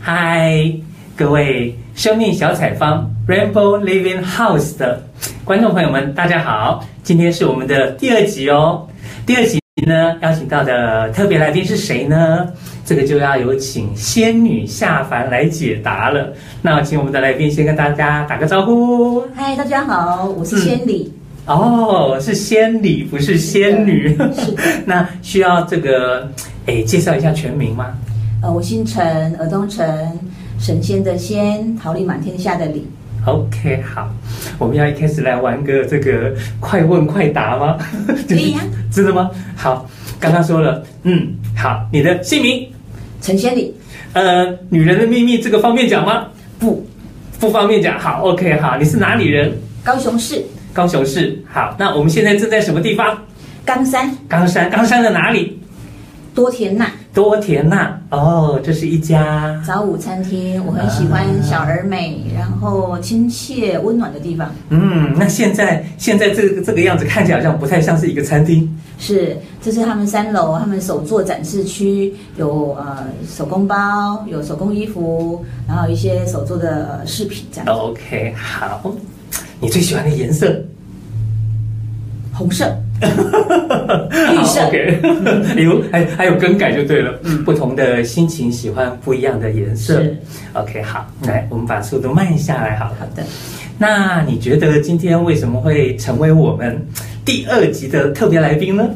嗨，各位生命小彩坊 Rainbow Living House 的觀眾朋友們，大家好！今天是我們的第二集哦。第二集呢，邀請到的特別來賓是誰呢？這個就要有請仙女下凡來解答了。那請我們的來賓先跟大家打個招呼。嗨，大家好，我是仙李、嗯。哦，是仙李不是仙女？ 那需要這個哎介紹一下全名嗎？呃，我姓陳，耳東陳，神仙的仙，桃李滿天下的李。OK，好，我們要一開始來玩個這個快問快答嗎？可 以、就是、呀，真的嗎？好，剛剛說了，嗯，好，你的姓名陳仙李。呃，女人的秘密這個方便講嗎？不，不方便講。好，OK，好，你是哪裡人？高雄市。高雄市。好，那我們現在正在什麼地方？岡山。岡山，岡山的哪裡？多田納。多田吶、啊！哦，這是一家早午餐廳，我很喜歡小而美、嗯，然後親切溫暖的地方。嗯，那現在現在這個這個樣子，看起來好像不太像是一個餐廳。是，這是他們三樓，他們手作展示區有呃手工包，有手工衣服，然後一些手作的飾品這樣。OK，好，你最喜歡的顏色？紅色。 Oh, OK，唉 還還有更改就對了。嗯，不同的心情喜歡不一樣的顏色。OK，好，來，我們把速度慢下來好了。好好的，那你覺得今天為什麼會成為我們第二集的特別來賓呢？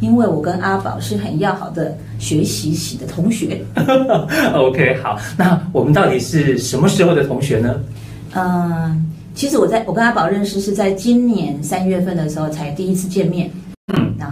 因為我跟阿寶是很要好的學習系的同學。 OK，好，那我們到底是什麼時候的同學呢？嗯，其實我在我跟阿寶認識是在今年三月份的時候才第一次見面。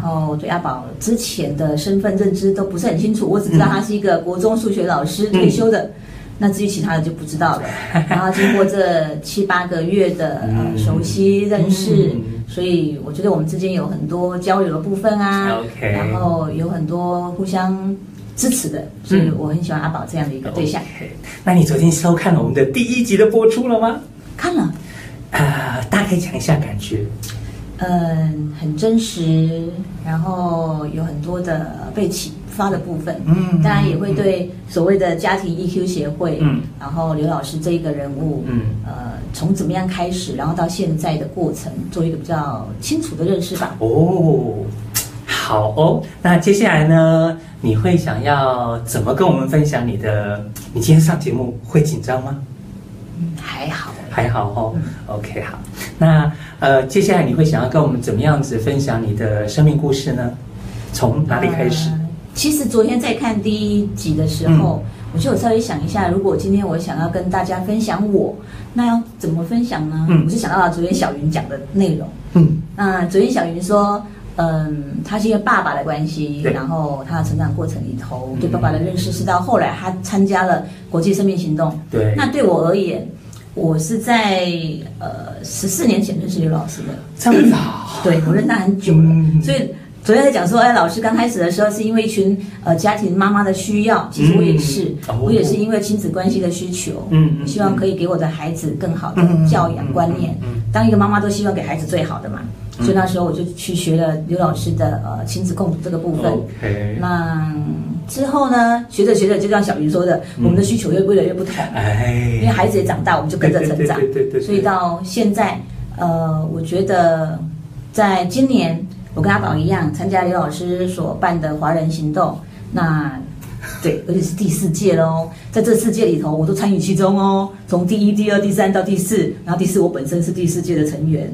哦，對，阿寶之前的身份認知都不是很清楚，我只知道他是一個國中數學老師退休的，嗯嗯、那至於其他的就不知道了、嗯。然後經過這七八個月的熟悉認識、嗯嗯，所以我覺得我們之間有很多交流的部分啊，嗯嗯嗯、然後有很多互相支持的、嗯，所以我很喜歡阿寶這樣的一個對象。嗯嗯 Okay. 那你昨天收看我們的第一集的播出了嗎？看了，呃、大概講一下感覺。嗯，很真實，然後有很多的被啟發的部分。嗯，當然也會對所謂的家庭 EQ 協會，嗯，然後劉老師這一個人物，嗯，呃，從怎麼樣開始，然後到現在的過程，做一個比較清楚的認識吧。哦，好哦，那接下來呢，你會想要怎麼跟我們分享你的？你今天上節目會緊張嗎？嗯，還好。還好哦，嗯、OK，好。那呃，接下來你會想要跟我們怎麼樣子分享你的生命故事呢？從哪裡開始？呃、其實昨天在看第一集的時候，嗯、我就有稍微想一下，如果今天我想要跟大家分享我，那要怎麼分享呢？嗯、我就想到了昨天小雲講的內容。嗯，那昨天小雲說，嗯、呃，他是因為爸爸的關係，然後他的成長過程裡頭、嗯、對爸爸的認識，是到後來他參加了國際生命行動。對，那對我而言。我是在呃十四年前認識劉老師的，嗯、對，我認識他很久了，嗯、所以昨天在講說，哎，老師剛開始的時候是因為一群呃家庭媽媽的需要，其實我也是，嗯，我也是因為親子關係的需求，嗯嗯，希望可以給我的孩子更好的教養觀念，嗯、當一個媽媽都希望給孩子最好的嘛，嗯、所以那時候我就去學了劉老師的呃親子共讀這個部分，嗯、那。之後呢，學着學着，就像小魚說的，嗯，我們的需求越，越來越不同。哎，因為孩子也長大，我們就跟着成長。對對對。所以到現在，呃，我覺得，在今年，我跟阿寶一樣參加劉老師所辦的華人行動。那，對，而且是第四屆嘍。 在這四屆裡頭，我都參與其中哦。從第一、第二、第三到第四，然後第四，我本身是第四屆的成員。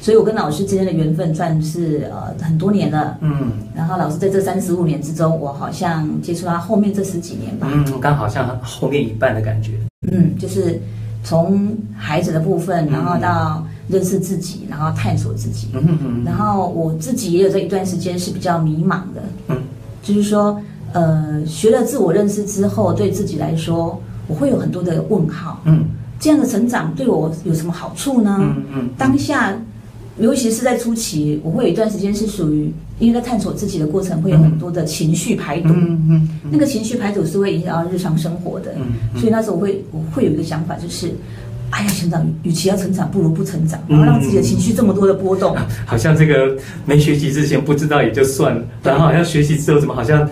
所以，我跟老師之間的緣分算是呃很多年了。嗯。然後，老師在這三十五年之中，我好像接觸他後面這十幾年吧。嗯，剛好像後面一半的感覺。嗯，就是從孩子的部分，然後到認識自己，嗯、然後探索自己。嗯嗯，嗯。然後我自己也有這一段時間是比較迷茫的。嗯。就是說，呃，學了自我認識之後，對自己來說，我會有很多的問號。嗯。這樣的成長對我有什麼好處呢？嗯嗯。當下。嗯尤其是在初期，我會有一段時間是屬於，因為在探索自己的過程，會有很多的情緒排毒。嗯嗯，嗯，嗯。那個情緒排毒是會影響到日常生活的，嗯嗯，所以那時候我會我會有一個想法，就是，哎呀，成長，與其要成長，不如不成長，然後讓自己的情緒這麼多的波動，嗯。好像這個沒學習之前不知道也就算了，然後好像學習之後，怎麼好像。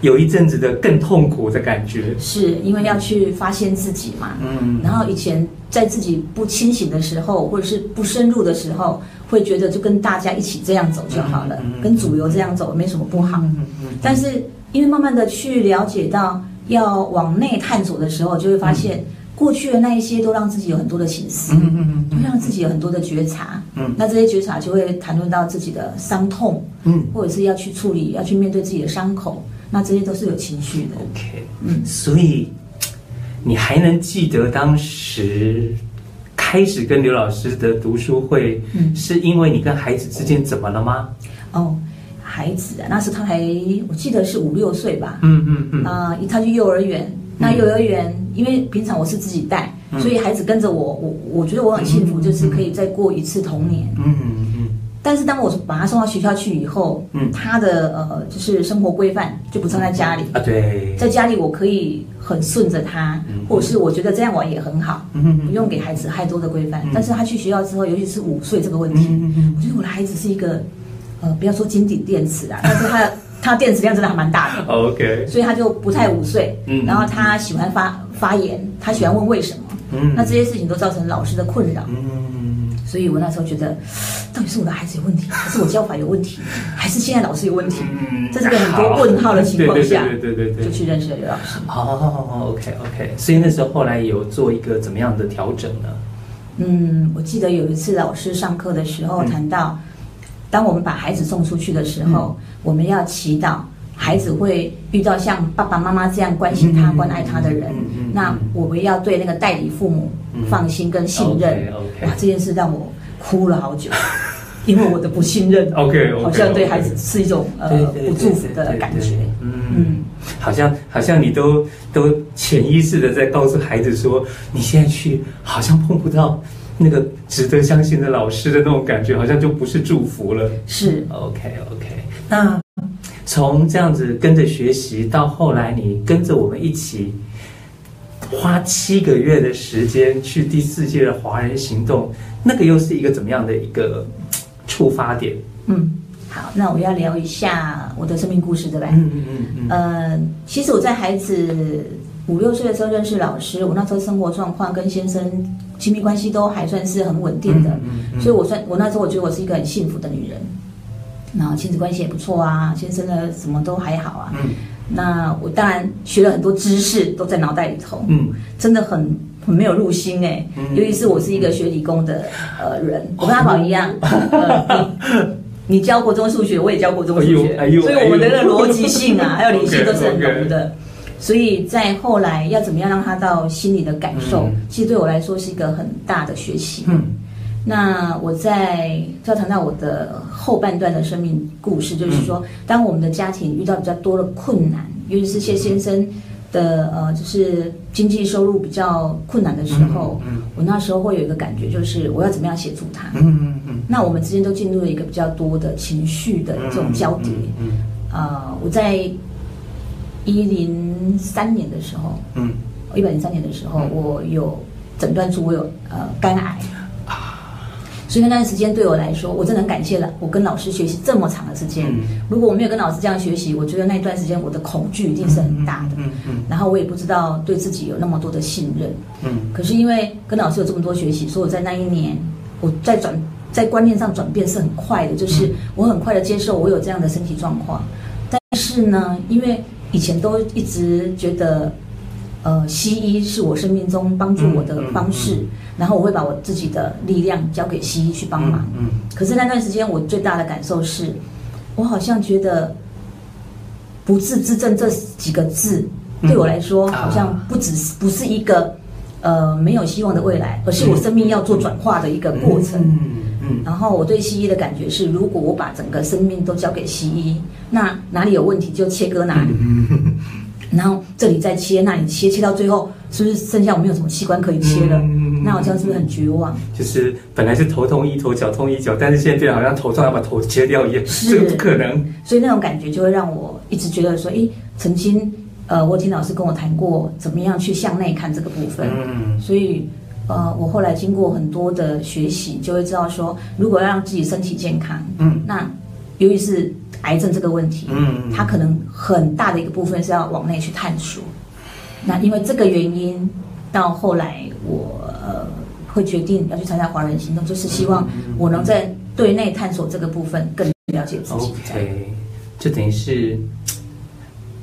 有一陣子的更痛苦的感覺，是因為要去發現自己嘛。嗯。然後以前在自己不清醒的時候，嗯，或者是不深入的時候，會覺得就跟大家一起這樣走就好了，嗯嗯，跟主流這樣走，嗯、沒什麼不好。嗯嗯，嗯。但是因為慢慢的去了解到要往內探索的時候，就會發現過去的那一些都讓自己有很多的省思，嗯嗯嗯，都讓自己有很多的覺察。嗯。那這些覺察就會談論到自己的傷痛，嗯，或者是要去處理，要去面對自己的傷口。那這些都是有情緒的。OK，嗯，所以你還能記得當時開始跟劉老師的讀書會，嗯,是因為你跟孩子之間怎麼了嗎？嗯、哦，孩子啊,那時他還我記得是五六歲吧。嗯嗯嗯啊、呃，他去幼兒園，那幼兒園園，因為平常我是自己帶，嗯、所以孩子跟着我，我我覺得我很幸福，就是可以再過一次童年。嗯。嗯嗯但是當我把他送到學校去以後，嗯，他的呃就是生活規範就不在在家裡、嗯、啊。對，在家裡我可以很順着他、嗯，或者是我覺得這樣玩也很好，嗯嗯、不用給孩子太多的規範、嗯。但是他去學校之後，尤其是午睡這個問題、嗯嗯嗯，我覺得我的孩子是一個呃，不要說“金頂電池”啊、嗯，但是他 他電池量真的還蠻大的。OK，所以他就不太午睡、嗯。嗯，然後他喜歡發發言，他喜歡問為什麼。嗯，那這些事情都造成老師的困擾。嗯。嗯所以我那時候覺得，到底是我的孩子有問題，還是我教法有問題， 還是現在老師有問題？在這個很多問號的情況下， 對對對、對、對、對、對、對就去認識了劉老師。好，好好好，OK OK。所以那時候後來有做一個怎麼樣的調整呢？嗯，我記得有一次老師上課的時候談到，嗯、當我們把孩子送出去的時候、嗯，我們要祈禱孩子會遇到像爸爸媽媽這樣關心他、關愛他的人，嗯嗯嗯嗯嗯嗯。那我們要對那個代理父母。嗯、放心跟信任，哇、okay, okay. 啊，這件事讓我哭了好久， 因為我的不信任 okay, okay, okay,，OK，好像對孩子是一種 okay, okay. 呃對對對對不祝福的感覺，對對對對對對嗯,嗯，好像好像你都都潛意識的在告訴孩子說，你現在去好像碰不到那個值得相信的老師的那種感覺，好像就不是祝福了。是，OK OK，那從這樣子跟着學習到後來，你跟着我們一起花七個月的時間去第四屆的華人行動，那個又是一個怎麼樣的一個觸發點？嗯，好，那我要聊一下我的生命故事，對吧？嗯嗯嗯嗯。呃，其實我在孩子五六歲的時候認識老師，我那時候生活狀況跟先生親密關係都還算是很穩定的，嗯嗯嗯、所以我算我那時候我覺得我是一個很幸福的女人。然後親子關係也不錯啊，先生的什麼都還好啊。嗯。那我當然學了很多知識，都在腦袋裡頭。嗯，真的很很沒有入心哎、嗯。尤其是我是一個學理工的、嗯、呃人、哦，我跟阿寶一樣、哦嗯嗯嗯嗯你。你教國中數學，我也教國中數學，哎哎、所以我們的那個邏輯性啊，哎、還有理性都是很濃的、哎。所以在後來要怎麼樣讓他到心裡的感受，嗯、其實對我來說是一個很大的學習。嗯。那我在就要談到我的後半段的生命故事，就是說，當我們的家庭遇到比較多的困難，尤其是謝先生的呃，就是經濟收入比較困難的時候，嗯，嗯嗯我那時候會有一個感覺，就是我要怎麼樣協助他，嗯嗯嗯。那我們之間都進入了一個比較多的情緒的這種交疊、嗯嗯嗯，嗯，呃，我在一零三年的時候，嗯，一零三年的時候，我有診斷出我有呃肝癌。所以那段時間對我來說，我真的很感謝了。我跟老師學習這麼長的時間。嗯，如果我沒有跟老師這樣學習，我覺得那一段時間我的恐懼一定是很大的。嗯嗯，嗯，嗯。然後我也不知道對自己有那麼多的信任。嗯。可是因為跟老師有這麼多學習，所以我在那一年，我在轉在觀念上轉變是很快的，就是我很快的接受我有這樣的身體狀況。但是呢，因為以前都一直覺得，呃，西醫是我生命中幫助我的方式。嗯嗯嗯嗯然後我會把我自己的力量交給西醫去幫忙，嗯嗯。可是那段時間我最大的感受是，我好像覺得“不治之症”這幾個字，嗯、對我來說，好像不只是，啊、不是一個呃沒有希望的未來，而是我生命要做轉化的一個過程，嗯嗯嗯嗯。然後我對西醫的感覺是，如果我把整個生命都交給西醫，那哪裡有問題就切割哪裡，嗯嗯嗯。然後這裡再切，那裡切，切到最後是不是剩下我沒有什麼器官可以切了？嗯嗯嗯那我這樣是不是很絕望、嗯？就是本來是頭痛醫頭，腳痛醫腳，但是現在變好像頭痛要把頭切掉一樣，這個不可能。所以那種感覺就會讓我一直覺得說，誒、欸，曾經，呃，我聽老師跟我談過，怎麼樣去向內看這個部分。嗯。所以，呃，我後來經過很多的學習，就會知道說，如果要讓自己身體健康，嗯，那由於是癌症這個問題嗯，嗯，它可能很大的一個部分是要往內去探索。那因為這個原因，到後來我。呃，會決定要去參加華人行動，就是希望我能在對內探索這個部分，更了解自己。OK，就等於是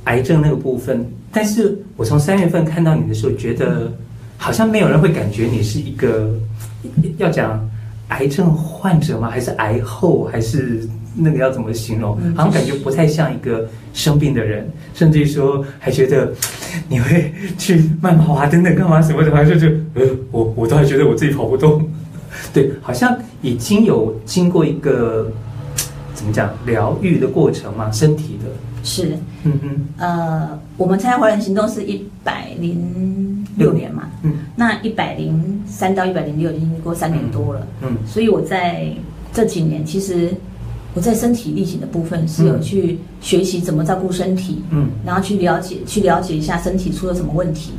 癌症那個部分。但是我從三月份看到你的時候，覺得好像沒有人會感覺你是一個，要講癌症患者嗎？還是癌後？還是？那個要怎麼形容？好像感覺不太像一個生病的人，嗯，就是，甚至於說還覺得你會去慢跑啊，等等，幹嘛什麼的，反正就，就呃，我我倒還覺得我自己跑不動。對，好像已經有經過一個怎麼講療癒的過程嘛，身體的是，嗯嗯，呃，我們參加華人行動是一百零六年嘛，嗯，那一百零三到一百零六已經過三年多了，嗯，嗯，所以我在這幾年其實。我在身體力行的部分是有去學習怎麼照顧身體，嗯，然後去了解去了解一下身體出了什麼問題，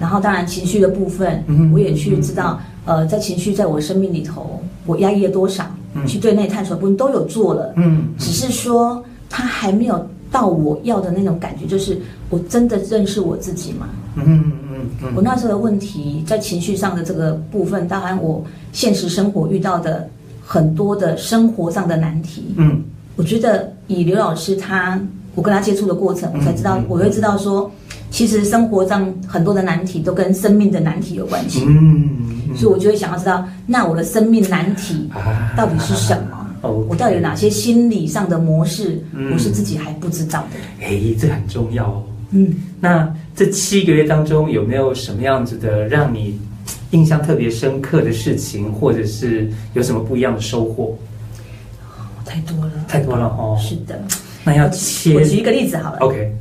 然後當然情緒的部分，嗯，我也去知道、嗯嗯，呃，在情緒在我生命裡頭，我壓抑了多少，嗯、去對內探索的部分都有做了，嗯，嗯只是說他還沒有到我要的那種感覺，就是我真的認識我自己嘛，嗯嗯嗯嗯，我那時候的問題在情緒上的這個部分，當然我現實生活遇到的。很多的生活上的難題，嗯，我覺得以劉老師他，我跟他接觸的過程，我才知道、嗯嗯，我會知道說，其實生活上很多的難題都跟生命的難題有關係，嗯，嗯所以我就會想要知道，那我的生命難題到底是什麼？哦、啊，我到底有哪些心理上的模式，嗯、我是自己還不知道的？誒、哎，這很重要哦。嗯，那這七個月當中有沒有什麼樣子的讓你？印象特別深刻的事情，或者是有什麼不一樣的收穫？太多了，太多了哦。是的，那要切我舉一個例子好了。OK。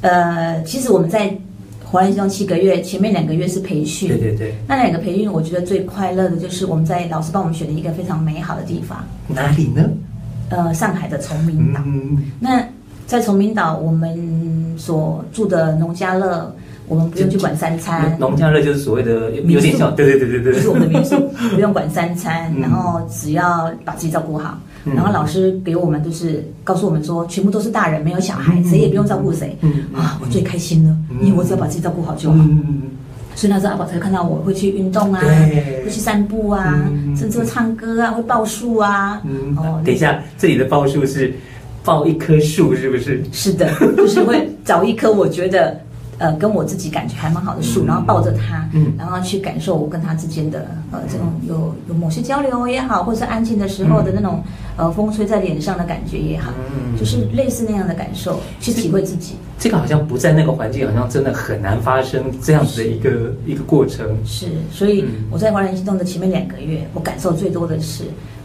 呃，其實我們在環南中七個月，前面兩個月是培訓。對對對。那兩個培訓，我覺得最快樂的就是我們在老師幫我們選的一個非常美好的地方。哪裡呢？呃，上海的崇明島。嗯。那在崇明島，我們所住的農家樂。我們不用去管三餐，農家樂就是所謂的有民有點小對對對對對，是我們的民宿， 不用管三餐，嗯，然後只要把自己照顧好，嗯，然後老師給我們就是告訴我們說，嗯、全部都是大人，沒有小孩，嗯、誰也不用照顧誰，嗯嗯、啊，我最開心了，嗯，因為我只要把自己照顧好就好，嗯，所以那時候阿寶才看到我會去運動啊，會去散步啊，嗯、甚至會唱歌啊，會抱樹啊，嗯、哦，等一下，這裡的抱樹是抱一棵樹，是不是？是的，就是會找一棵我覺得。呃，跟我自己感覺還蠻好的樹、嗯，然後抱着它、嗯，然後去感受我跟他之間的呃這種有、嗯、有某些交流也好，或者安靜的時候的那種、嗯、呃風吹在臉上的感覺也好，嗯、就是類似那樣的感受去體會自己。這個好像不在那個環境，好像真的很難發生這樣子的一個一個過程。是，所以我在華人行動的前面兩個月，我感受最多的是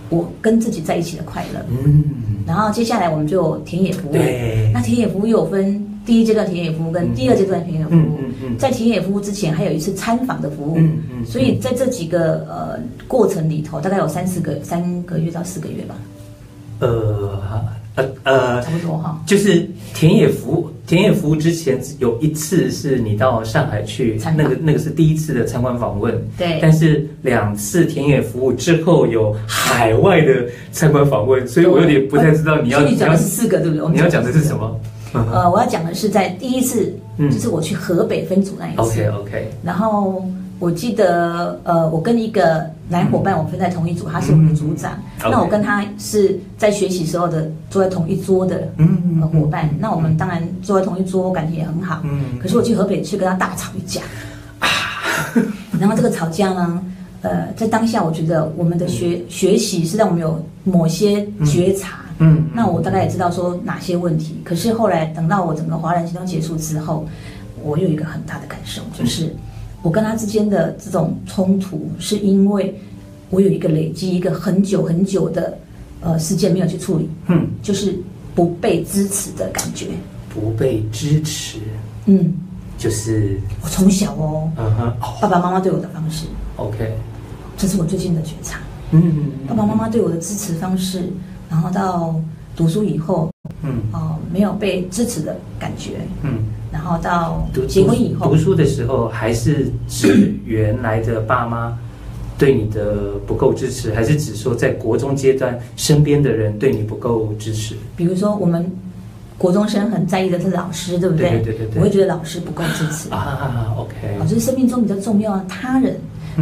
我跟自己在一起的快樂。嗯，然後接下來我們就田野服務，對，那田野服務有分。第一階段田野服務跟第二階段田野服務、嗯嗯嗯嗯嗯，在田野服務之前還有一次參訪的服務、嗯嗯嗯，所以在這幾個呃過程裡頭，大概有三四個三個月到四個月吧。呃呃呃，差不多哈、哦，就是田野服務，田野服務之前有一次是你到上海去、嗯嗯、那個那個是第一次的參觀訪問，對，但是兩次田野服務之後有海外的參觀訪問，所以我有點不太知道你要、欸、你講的是四個對不對？你要講的、的是什麼？Uh -huh. 呃，我要講的是在第一次，就是我去河北分組那一次。OK OK。然後我記得，呃，我跟一個男夥伴，我分在同一組，他是我們的組長。Mm -hmm. 那我跟他是在學習時候的坐在同一桌的嗯、mm -hmm. 呃、夥伴。那我們當然坐在同一桌，感覺也很好。嗯、mm -hmm.。可是我去河北去跟他大吵一架。啊、mm -hmm.，然後這個吵架呢，呃，在當下我覺得我們的學、mm -hmm. 學習是讓我們有某些覺察。Mm -hmm. 嗯，那我大概也知道說哪些問題，嗯，可是後來等到我整個華人行動結束之後，我有一個很大的感受，就是我跟他之間的這種衝突，是因為我有一個累積一個很久很久的呃事件沒有去處理，嗯，就是不被支持的感覺，不被支持，嗯，就是我從小哦，uh-huh. 爸爸媽媽對我的方式，OK，這是我最近的覺察，嗯，嗯，爸爸媽媽對我的支持方式。然後到讀書以後，嗯，哦、呃，沒有被支持的感覺，嗯。然後到讀結婚以後讀，讀書的時候還是指原來的爸媽對你的不夠支持，嗯，還是指說在國中階段身邊的人對你不夠支持？比如說我們國中生很在意的是老師，對不對？對對對對。我會覺得老師不夠支持啊啊 OK。就是生命中比較重要的他人，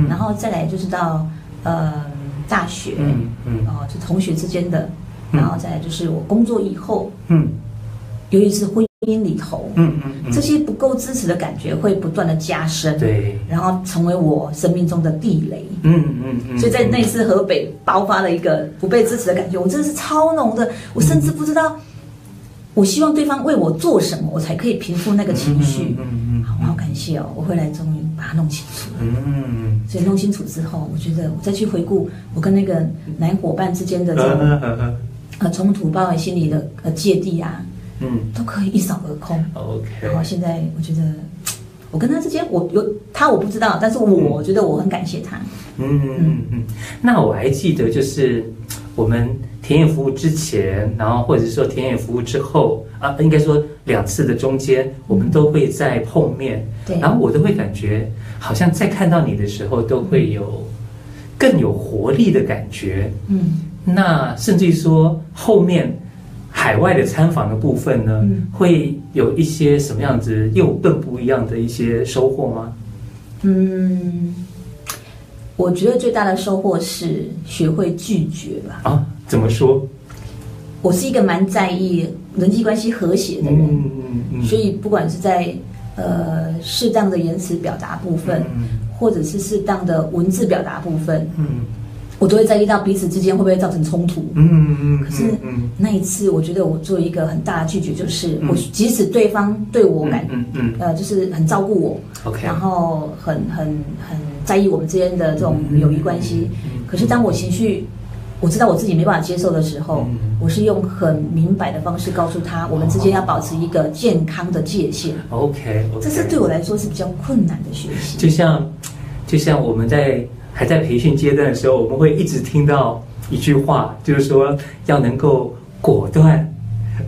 然後再來就是到呃。大學，嗯嗯，然後就同學之間的，然後再就是我工作以後，嗯，尤其是婚姻裡頭，嗯嗯，這些不夠支持的感覺會不斷的加深，對，然後成為我生命中的地雷，嗯嗯嗯。所以在那次河北爆發了一個不被支持的感覺，我真的是超濃的，我甚至不知道，我希望對方為我做什麼，我才可以平復那個情緒，嗯嗯。嗯嗯嗯好哦，我會來，終於把它弄清楚了。嗯，所以弄清楚之後，我覺得我再去回顧我跟那個男夥伴之間的這種呵呵呵呃衝突，包括心裡的呃芥蒂啊，嗯，都可以一掃而空。OK，然後現在我覺得我跟他之間，我有他我不知道，但是我覺得我很感謝他。嗯嗯嗯，那我還記得就是我們。田野服務之前，然後或者說田野服務之後啊，應該說兩次的中間，嗯、我們都會在碰面。對，然後我都會感覺好像在看到你的時候，都會有更有活力的感覺。嗯，那甚至於說後面海外的參訪的部分呢，嗯、會有一些什麼樣子又更不一樣的一些收穫嗎？嗯，我覺得最大的收穫是學會拒絕吧。啊、哦。怎麼說？我是一個蠻在意人際關係和諧的人，嗯嗯、嗯，所以不管是在呃適當的言辭表達部分，嗯嗯，或者是適當的文字表達部分，嗯，我都會在意到彼此之間會不會造成衝突，嗯嗯嗯。可是，嗯嗯、那一次，我覺得我做一個很大的拒絕，就是，嗯、我即使對方對我感，嗯嗯、嗯，呃，就是很照顧我，OK. 然後很很很在意我們之間的這種友誼關係，嗯嗯嗯，可是當我情緒。我知道我自己沒辦法接受的時候，嗯、我是用很明白的方式告訴他，我們之間要保持一個健康的界限。哦、okay, OK，這是對我來說是比較困難的學習。就像，就像我們在還在培訓階段的時候，我們會一直聽到一句話，就是說要能夠果斷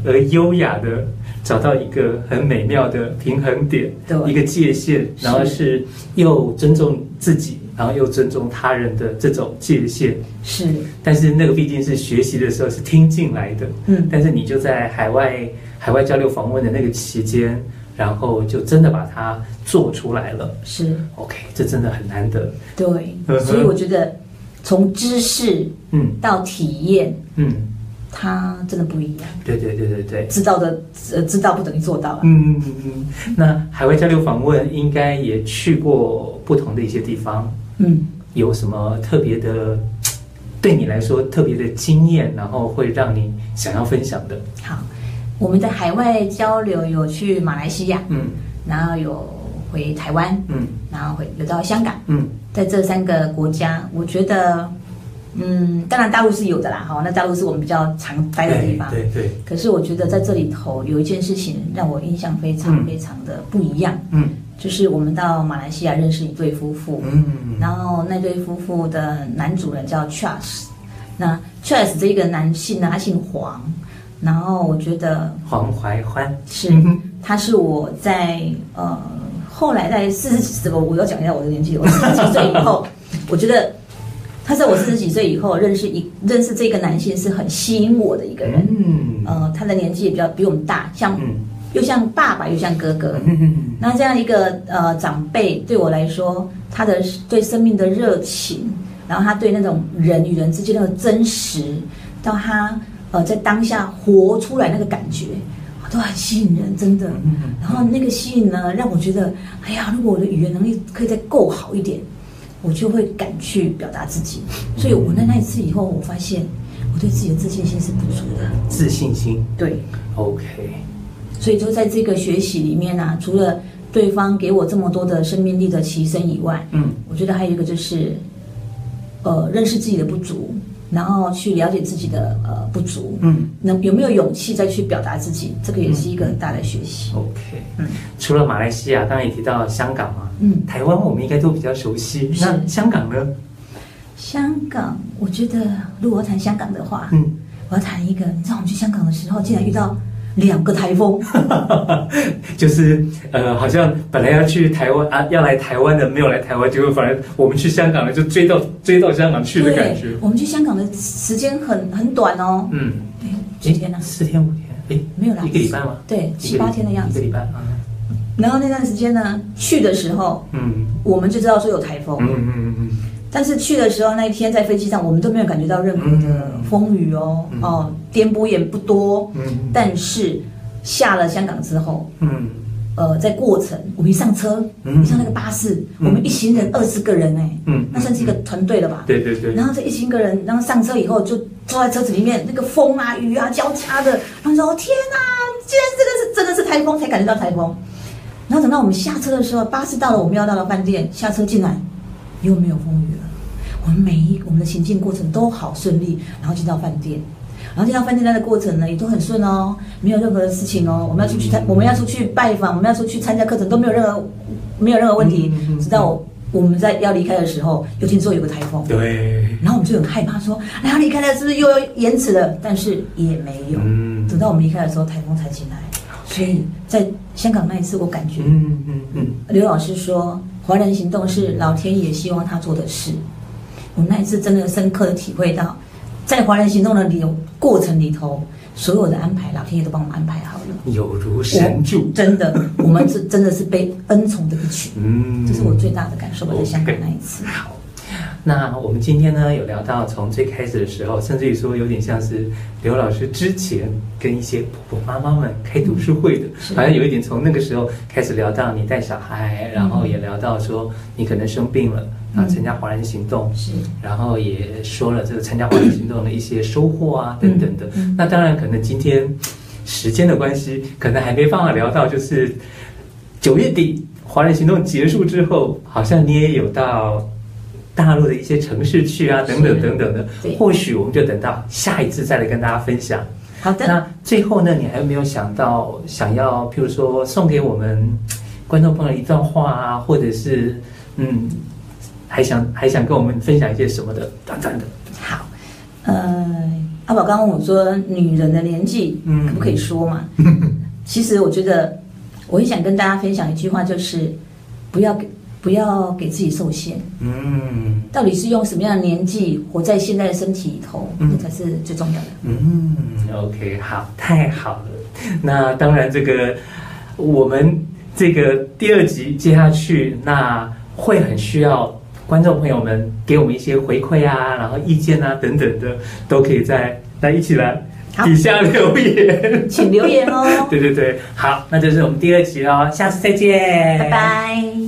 而優雅的找到一個很美妙的平衡點，對，一個界限，然後是又尊重自己。然後又尊重他人的這種界限是，但是那個畢竟是學習的時候是聽進來的，嗯，但是你就在海外海外交流訪問的那個期間，然後就真的把它做出來了，是 OK，這真的很難得，對，所以我覺得從知識嗯到體驗嗯，嗯，它真的不一樣，對對對對對，知道的呃知道不等於做到了，嗯嗯嗯嗯，那海外交流訪問應該也去過不同的一些地方。嗯，有什麼特別的？對你來說特別的經驗，然後會讓你想要分享的。好，我們在海外交流，有去馬來西亞，嗯，然後有回台灣，嗯，然後回有到香港，嗯，在這三個國家，我覺得，嗯，當然大陸是有的啦，哈，那大陸是我們比較常待的地方，對對，對。可是我覺得在這裡頭有一件事情讓我印象非常非常的不一樣，嗯。嗯就是我們到馬來西亞認識一對夫婦，嗯，然後那對夫婦的男主人叫 Charles，那 Charles 這個男性呢，他姓黃，然後我覺得黃懷歡是，他是我在呃後來在四十幾歲，我有講一下我的年紀，我四十幾歲以後， 我覺得他在我四十幾歲以後認識一認識這個男性是很吸引我的一個人，嗯，呃，他的年紀也比較比我們大，像。嗯又像爸爸，又像哥哥。那這樣一個呃長輩，對我來說，他的對生命的熱情，然後他對那種人與人之間的真實，到他呃在當下活出來那個感覺，都很吸引人，真的。然後那個吸引呢，讓我覺得，哎呀，如果我的語言能力可以再夠好一點，我就會敢去表達自己。所以我在那一次以後，我發現我對自己的自信心是不足的。自信心，對，OK。所以，就在這個學習裡面呢、啊，除了對方給我這麼多的生命力的提升以外，嗯，我覺得還有一個就是，呃，認識自己的不足，然後去了解自己的呃不足，嗯，能有沒有勇氣再去表達自己，這個也是一個很大的學習、嗯。OK，嗯，除了馬來西亞，當然也提到香港嘛，嗯，台灣我們應該都比較熟悉，嗯、那香港呢？香港，我覺得如果要談香港的話，嗯，我要談一個，你知道我們去香港的時候，竟然遇到。兩個颱風， 就是呃，好像本來要去台灣啊，要來台灣的沒有來台灣，結果反而我們去香港了，就追到追到香港去的感覺。我們去香港的時間很很短哦。嗯，哎，幾天呢？四天五天？哎，沒有啦，一個禮拜嗎？對，七八天的樣子，一個禮拜，一個禮拜啊。然後那段時間呢，去的時候，嗯，我們就知道說有颱風。嗯嗯嗯嗯。嗯嗯但是去的時候那一天在飛機上，我們都沒有感覺到任何的風雨哦，哦、嗯呃，顛簸也不多。嗯，但是下了香港之後，嗯，呃，在過程，我們一上車，上、嗯、那個巴士、嗯，我們一行人二十個人哎、欸，嗯，那算是一個團隊了吧？對對對。然後這一行個人，然後上車以後就坐在車子裡面，那個風啊雨啊交叉的，然後說：“天吶，竟然真的是真的是台風才感覺到台風。”然後等到我們下車的時候，巴士到了我們要到的飯店，下車進來又沒有風雨了。我們每一個我們的行進過程都好順利，然後進到飯店，然後進到飯店那個過程呢也都很順哦，沒有任何的事情哦。我們要出去，嗯、我們要出去拜訪，我們要出去參加課程，都沒有任何沒有任何問題。嗯嗯嗯、直到我們在要離開的時候，又聽說有個颱風，對，然後我們就很害怕，說，然後，離開了是不是又要延遲了？但是也沒有，直到我們離開的時候，颱風才進來。所以在香港那一次，我感覺，嗯嗯嗯，劉、嗯、老師說，華人行動是老天爺希望他做的事。我那一次真的深刻的體會到，在華人行動的旅遊過程裡頭，所有的安排，老天爺都幫我們安排好了，有如神助。真的， 我們是真的是被恩寵的一群，這、嗯就是我最大的感受。我在香港那一次。Okay. 好。那我們今天呢，有聊到從最開始的時候，甚至於說有點像是劉老師之前跟一些婆婆媽媽們開讀書會的，的好像有一點從那個時候開始聊到你帶小孩，嗯、然後也聊到說你可能生病了。啊，參加華人行動是，然後也說了這個參加華人行動的一些收穫啊，嗯、等等的。嗯嗯、那當然，可能今天時間的關係，可能還沒辦法聊到，就是九月底華人行動結束之後，好像你也有到大陸的一些城市去啊，嗯、等等等等的、啊。或許我們就等到下一次再來跟大家分享。好的。那最後呢，你還有沒有想到想要，譬如說送給我們觀眾朋友一段話啊，或者是嗯。還想還想跟我們分享一些什麼的短暫的？好，呃，阿寶剛剛問我說：“女人的年紀，嗯，可不可以說嘛、嗯？”其實我覺得，我很想跟大家分享一句話，就是不要給不要給自己受限。嗯，到底是用什麼樣的年紀活在現在的身體裡頭，那、嗯、才是最重要的。嗯，OK，好，太好了。那當然，這個我們這個第二集接下去，那會很需要。觀眾朋友們，給我們一些回饋啊，然後意見啊等等的，都可以在那一起來底下留言，請留言哦。 對對對，好，那就是我們第二集哦，下次再見，拜拜。